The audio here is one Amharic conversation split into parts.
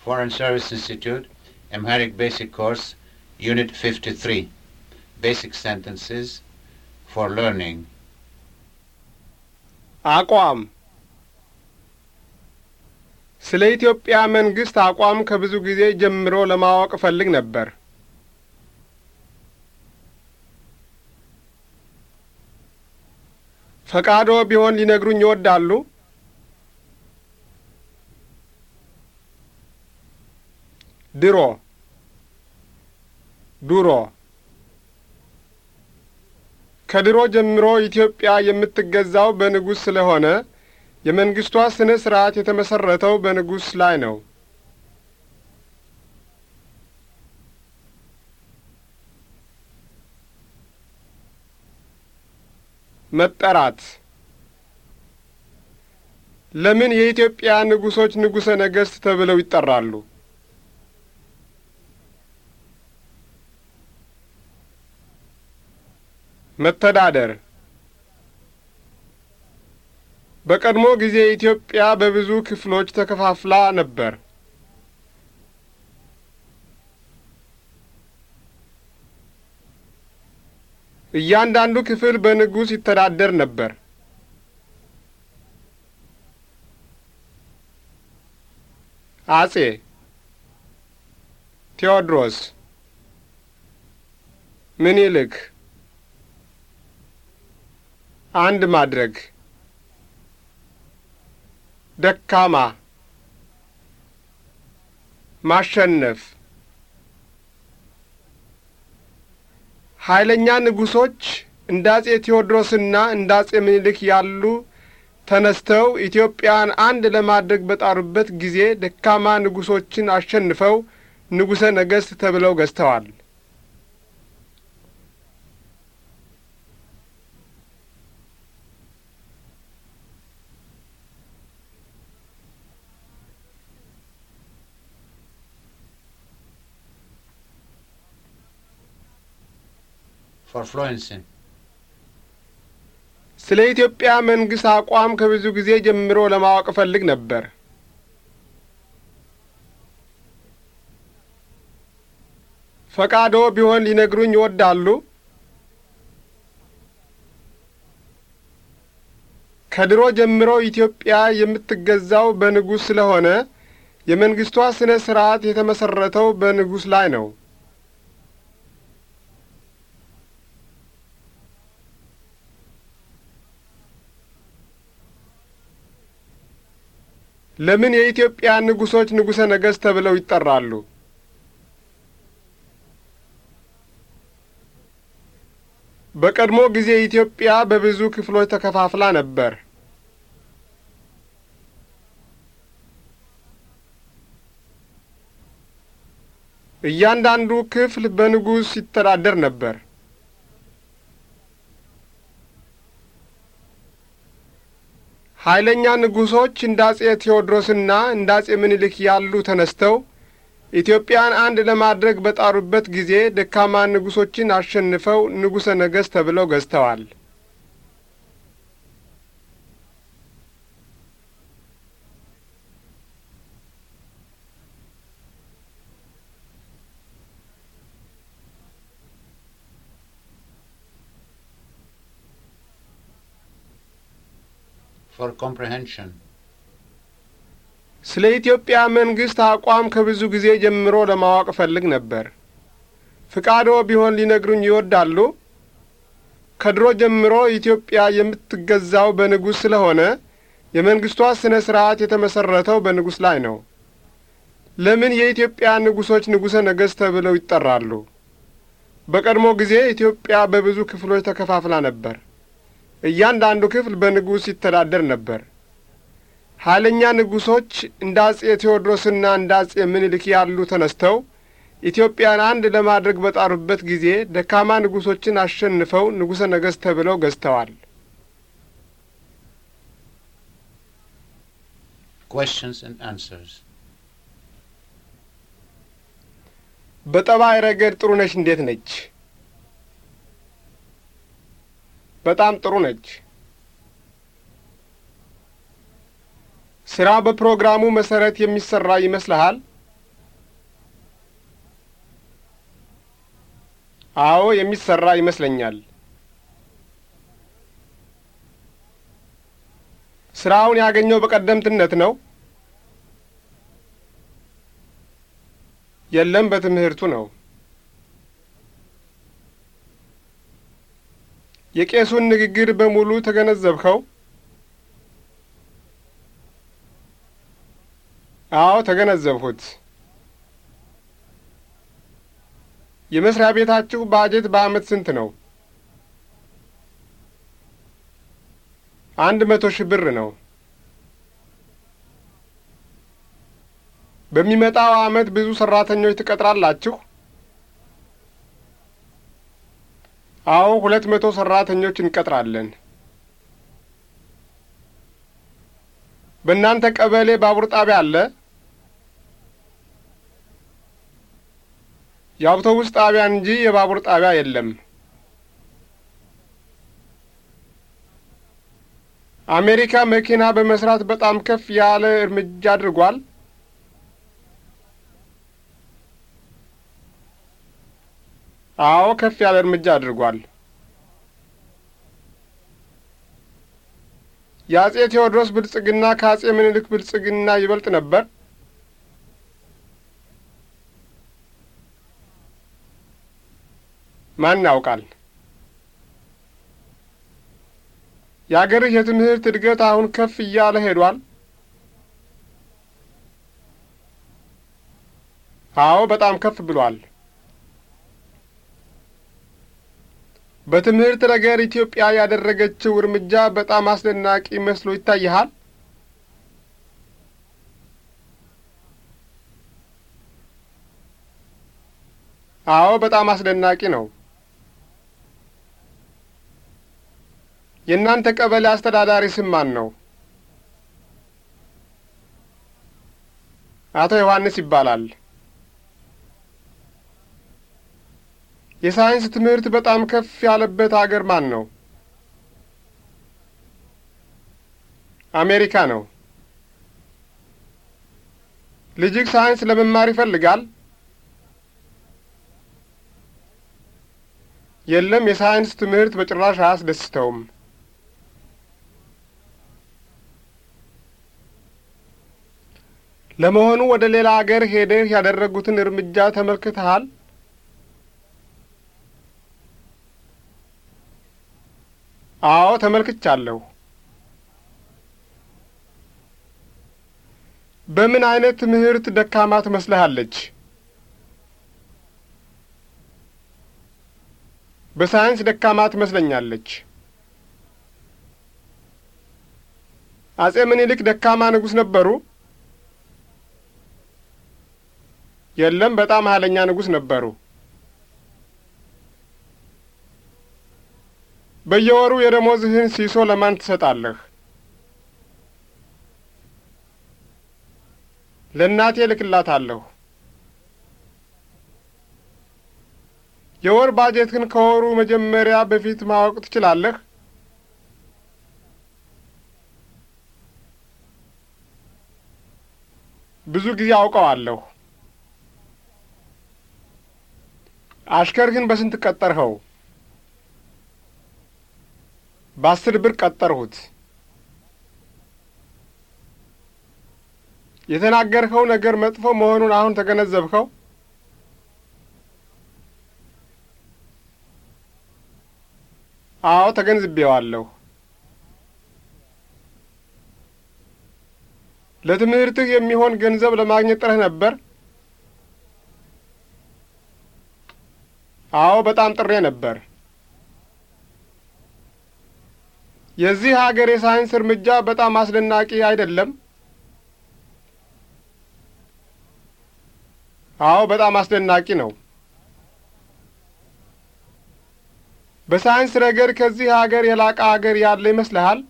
Foreign Service Institute, Amharic Basic Course, Unit 53, Basic Sentences for Learning. አቋም ስለ ኢትዮጵያ መንግስት አቋም ከብዙ ጊዜ ጀምሮ ለማወቅ እፈልግ ነበር። ፈቃዶ ቢሆን ሊነግሩኝ ይወዳሉ? ድሮ ዱሮ ከድሮ ጀምሮ ኢትዮጵያ የምትገዛው በንጉሥ ስለሆነ የመንግስቷ ሥነ ሥርዓት የተመሠረተው በንጉሥ ላይ ነው። መጠራት ለምን የኢትዮጵያ ንጉሶች ንጉሰ ነገስት ተብለው ይጠራሉ? መተዳደር በቀድሞ ጊዜ ኢትዮጵያ በብዙ ክፍሎች ተከፋፍላ ነበር። እያንዳንዱ ክፍል በንጉሥ ይተዳደር ነበር። አጼ ቴዎድሮስ፣ ምኒልክ አንድ ማድረግ ደካማ ማሸነፍ ኃይለኛ ንጉሶች እንደ አጼ ቴዎድሮስና እንደ አጼ ምኒልክ ያሉ ተነስተው ኢትዮጵያን አንድ ለማድረግ በጣሩበት ጊዜ ደካማ ንጉሶችን አሸንፈው ንጉሠ ነገሥት ተብለው ገዝተዋል። ስለ ኢትዮጵያ መንግስት አቋም ከብዙ ጊዜ ጀምሮ ለማወቅ እፈልግ ነበር። ፈቃዶ ቢሆን ሊነግሩኝ ይወዳሉ? ከድሮ ጀምሮ ኢትዮጵያ የምትገዛው በንጉሥ ስለሆነ የመንግስቷ ሥነ ሥርዓት የተመሠረተው በንጉሥ ላይ ነው። ለምን የኢትዮጵያ ንጉሶች ንጉሰ ነገሥት ተብለው ይጠራሉ? በቀድሞ ጊዜ ኢትዮጵያ በብዙ ክፍሎች ተከፋፍላ ነበር። እያንዳንዱ ክፍል በንጉሥ ይተዳደር ነበር። ኃይለኛ ንጉሶች እንደ አጼ ቴዎድሮስና እንደ አጼ ምኒልክ ያሉ ተነስተው ኢትዮጵያን አንድ ለማድረግ በጣሩበት ጊዜ ደካማ ንጉሶችን አሸንፈው ንጉሠ ነገሥት ተብለው ገዝተዋል። for comprehension. ስለ ኢትዮጵያ መንግስት አቋም ከብዙ ጊዜ ጀምሮ ለማወቅ እፈልግ ነበር። ፍቃዶ ቢሆን ሊነግሩኝ ይወዳሉ? ከድሮ ጀምሮ ኢትዮጵያ የምትገዛው በንጉሥ ስለሆነ የመንግስቷ ሥነ ስርዓት የተመሰረተው በንጉሥ ላይ ነው። ለምን የኢትዮጵያ ንጉሶች ንጉሠ ነገሥት ተብለው ይጠራሉ? በቀድሞ ጊዜ ኢትዮጵያ በብዙ ክፍሎች ተከፋፍላ ነበር። እያንዳንዱ ክፍል በንጉሥ ይተዳደር ነበር። ኃይለኛ ንጉሶች እንደ አጼ ቴዎድሮስና እንደ አጼ ምኒልክ ያሉ ተነስተው ኢትዮጵያን አንድ ለማድረግ በጣሩበት ጊዜ ደካማ ንጉሶችን አሸንፈው ንጉሠ ነገሥት ተብለው ገዝተዋል። በጠባይ ረገድ ጥሩ ነሽ። እንዴት ነች? በጣም ጥሩ ነች። ስራ በፕሮግራሙ መሰረት የሚሰራ ይመስልሃል? አዎ የሚሰራ ይመስለኛል። ስራውን ያገኘው በቀደምትነት ነው? የለም፣ በትምህርቱ ነው። የቄሱን ንግግር በሙሉ ተገነዘብከው? አዎ ተገነዘብሁት። የመስሪያ ቤታችሁ ባጀት በአመት ስንት ነው? አንድ መቶ ሺህ ብር ነው። በሚመጣው አመት ብዙ ሰራተኞች ትቀጥራላችሁ? አዎ ሁለት መቶ ሰራተኞች እንቀጥራለን። በእናንተ ቀበሌ ባቡር ጣቢያ አለ? የአውቶቡስ ጣቢያ እንጂ የባቡር ጣቢያ የለም። አሜሪካ መኪና በመስራት በጣም ከፍ ያለ እርምጃ አድርጓል። አዎ ከፍ ያለ እርምጃ አድርጓል። የአጼ ቴዎድሮስ ብልጽግና ከአጼ ምኒልክ ብልጽግና ይበልጥ ነበር? ማን ያውቃል? የአገርህ የትምህርት እድገት አሁን ከፍ እያለ ሄዷል? አዎ በጣም ከፍ ብሏል። በትምህርት ነገር ኢትዮጵያ ያደረገችው እርምጃ በጣም አስደናቂ መስሎ ይታይሃል? አዎ፣ በጣም አስደናቂ ነው። የእናንተ ቀበሌ አስተዳዳሪ ስም ማን ነው? አቶ ዮሐንስ ይባላል። የሳይንስ ትምህርት በጣም ከፍ ያለበት አገር ማን ነው? አሜሪካ ነው። ልጅግ ሳይንስ ለመማር ይፈልጋል? የለም፣ የሳይንስ ትምህርት በጭራሽ አያስደስተውም። ለመሆኑ ወደ ሌላ አገር ሄደህ ያደረጉትን እርምጃ ተመልክተሃል? አዎ ተመልክቻለሁ። በምን አይነት ትምህርት ደካማ ትመስልሃለች? በሳይንስ ደካማ ትመስለኛለች። አጼ ምኒልክ ደካማ ንጉሥ ነበሩ? የለም፣ በጣም ኃይለኛ ንጉሥ ነበሩ። በየወሩ የደሞዝህን ሲሶ ለማን ትሰጣለህ? ለእናቴ እልክላታለሁ። የወር ባጀትህን ከወሩ መጀመሪያ በፊት ማወቅ ትችላለህ? ብዙ ጊዜ አውቀዋለሁ። አሽከርህን በስንት ቀጠርኸው? በአስር ብር ቀጠርሁት። የተናገርኸው ነገር መጥፎ መሆኑን አሁን ተገነዘብኸው? አዎ ተገንዝቤዋለሁ። ለትምህርትህ የሚሆን ገንዘብ ለማግኘት ጥረህ ነበር? አዎ በጣም ጥሬ ነበር። የዚህ ሀገር የሳይንስ እርምጃ በጣም አስደናቂ አይደለም? አዎ፣ በጣም አስደናቂ ነው። በሳይንስ ረገድ ከዚህ ሀገር የላቀ ሀገር ያለ ይመስልሃል?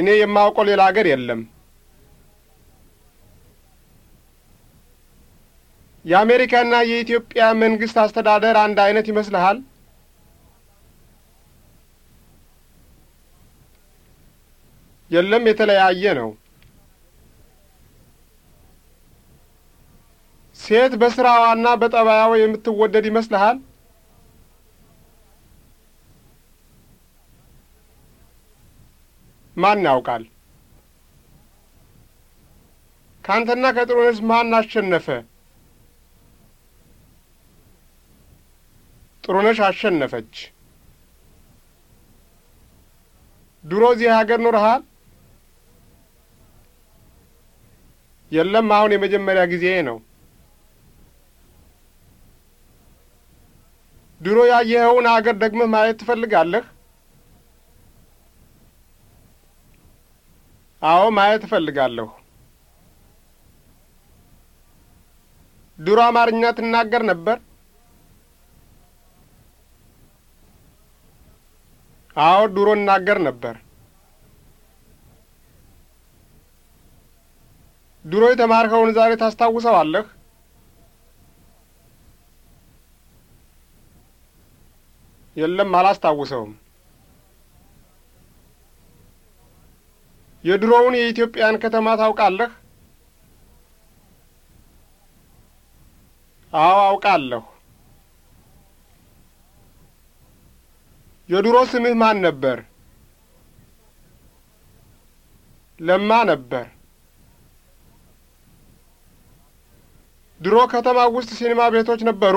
እኔ የማውቀው ሌላ ሀገር የለም። የአሜሪካና የኢትዮጵያ መንግስት አስተዳደር አንድ አይነት ይመስልሃል? የለም፣ የተለያየ ነው። ሴት በስራዋና በጠባያው የምትወደድ ይመስልሃል? ማን ያውቃል? ካንተና ከጥሩነሽ ማን አሸነፈ? ጥሩነሽ አሸነፈች። ድሮ እዚህ ሀገር ኖርሃል? የለም፣ አሁን የመጀመሪያ ጊዜ ነው። ድሮ ያየኸውን አገር ደግመህ ማየት ትፈልጋለህ? አዎ፣ ማየት እፈልጋለሁ። ድሮ አማርኛ ትናገር ነበር? አዎ ድሮ እናገር ነበር። ድሮ የተማርከውን ዛሬ ታስታውሰዋለህ? የለም፣ አላስታውሰውም። የድሮውን የኢትዮጵያን ከተማ ታውቃለህ? አዎ አውቃለሁ። የድሮ ስምህ ማን ነበር? ለማ ነበር። ድሮ ከተማ ውስጥ ሲኒማ ቤቶች ነበሩ?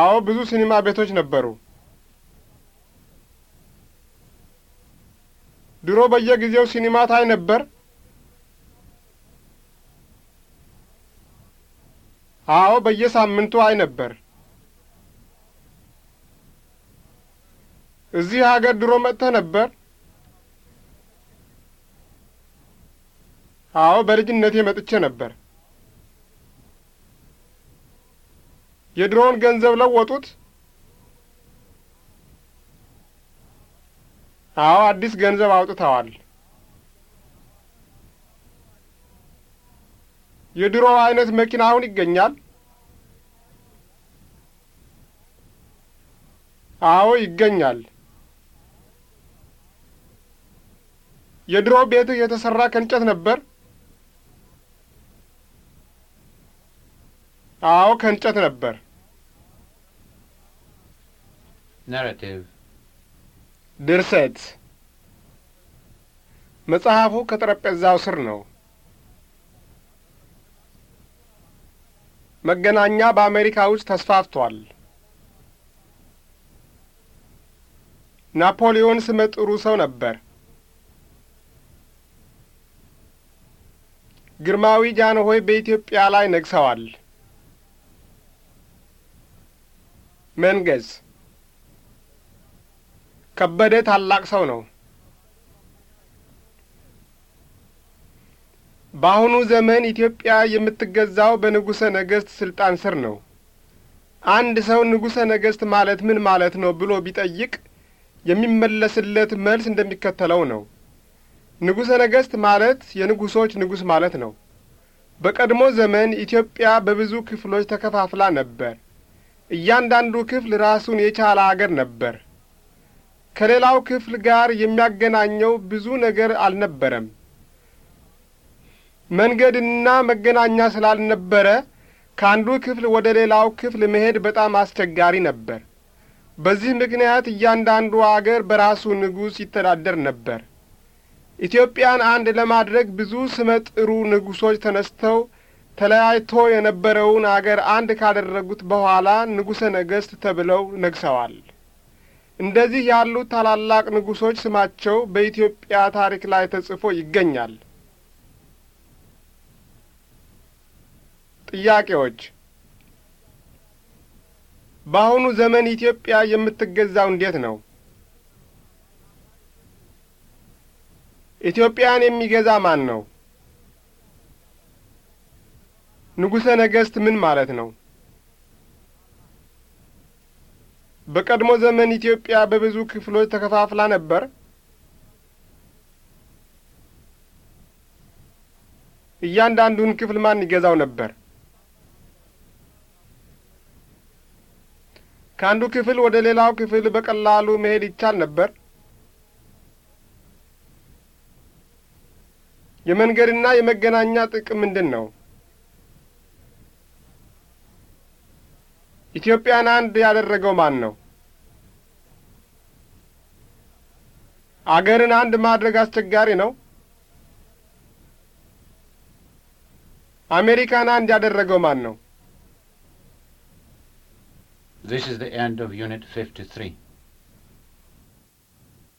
አዎ፣ ብዙ ሲኒማ ቤቶች ነበሩ። ድሮ በየጊዜው ሲኒማ ታይ ነበር? አዎ፣ በየሳምንቱ አይ ነበር። እዚህ አገር ድሮ መጥተህ ነበር? አዎ፣ በልጅነቴ መጥቼ ነበር። የድሮውን ገንዘብ ለወጡት? አዎ፣ አዲስ ገንዘብ አውጥተዋል። የድሮ አይነት መኪና አሁን ይገኛል? አዎ ይገኛል። የድሮ ቤት የተሰራ ከእንጨት ነበር? አዎ ከእንጨት ነበር። ናራቲቭ ድርሰት መጽሐፉ ከጠረጴዛው ስር ነው። መገናኛ በአሜሪካ ውስጥ ተስፋፍቷል። ናፖሊዮን ስመ ጥሩ ሰው ነበር። ግርማዊ ጃንሆይ በኢትዮጵያ ላይ ነግሰዋል። መንገዝ ከበደ ታላቅ ሰው ነው። በአሁኑ ዘመን ኢትዮጵያ የምትገዛው በንጉሠ ነገሥት ሥልጣን ስር ነው። አንድ ሰው ንጉሠ ነገሥት ማለት ምን ማለት ነው ብሎ ቢጠይቅ የሚመለስለት መልስ እንደሚከተለው ነው። ንጉሠ ነገሥት ማለት የንጉሶች ንጉሥ ማለት ነው። በቀድሞ ዘመን ኢትዮጵያ በብዙ ክፍሎች ተከፋፍላ ነበር። እያንዳንዱ ክፍል ራሱን የቻለ አገር ነበር። ከሌላው ክፍል ጋር የሚያገናኘው ብዙ ነገር አልነበረም። መንገድና መገናኛ ስላልነበረ ከአንዱ ክፍል ወደ ሌላው ክፍል መሄድ በጣም አስቸጋሪ ነበር። በዚህ ምክንያት እያንዳንዱ አገር በራሱ ንጉሥ ይተዳደር ነበር። ኢትዮጵያን አንድ ለማድረግ ብዙ ስመጥሩ ንጉሶች ተነስተው ተለያይቶ የነበረውን አገር አንድ ካደረጉት በኋላ ንጉሠ ነገሥት ተብለው ነግሰዋል። እንደዚህ ያሉት ታላላቅ ንጉሶች ስማቸው በኢትዮጵያ ታሪክ ላይ ተጽፎ ይገኛል። ጥያቄዎች በአሁኑ ዘመን ኢትዮጵያ የምትገዛው እንዴት ነው? ኢትዮጵያን የሚገዛ ማን ነው? ንጉሠ ነገሥት ምን ማለት ነው? በቀድሞ ዘመን ኢትዮጵያ በብዙ ክፍሎች ተከፋፍላ ነበር። እያንዳንዱን ክፍል ማን ይገዛው ነበር? ከአንዱ ክፍል ወደ ሌላው ክፍል በቀላሉ መሄድ ይቻል ነበር? የመንገድና የመገናኛ ጥቅም ምንድን ነው? ኢትዮጵያን አንድ ያደረገው ማን ነው? አገርን አንድ ማድረግ አስቸጋሪ ነው? አሜሪካን አንድ ያደረገው ማን ነው? This is the end of Unit 53.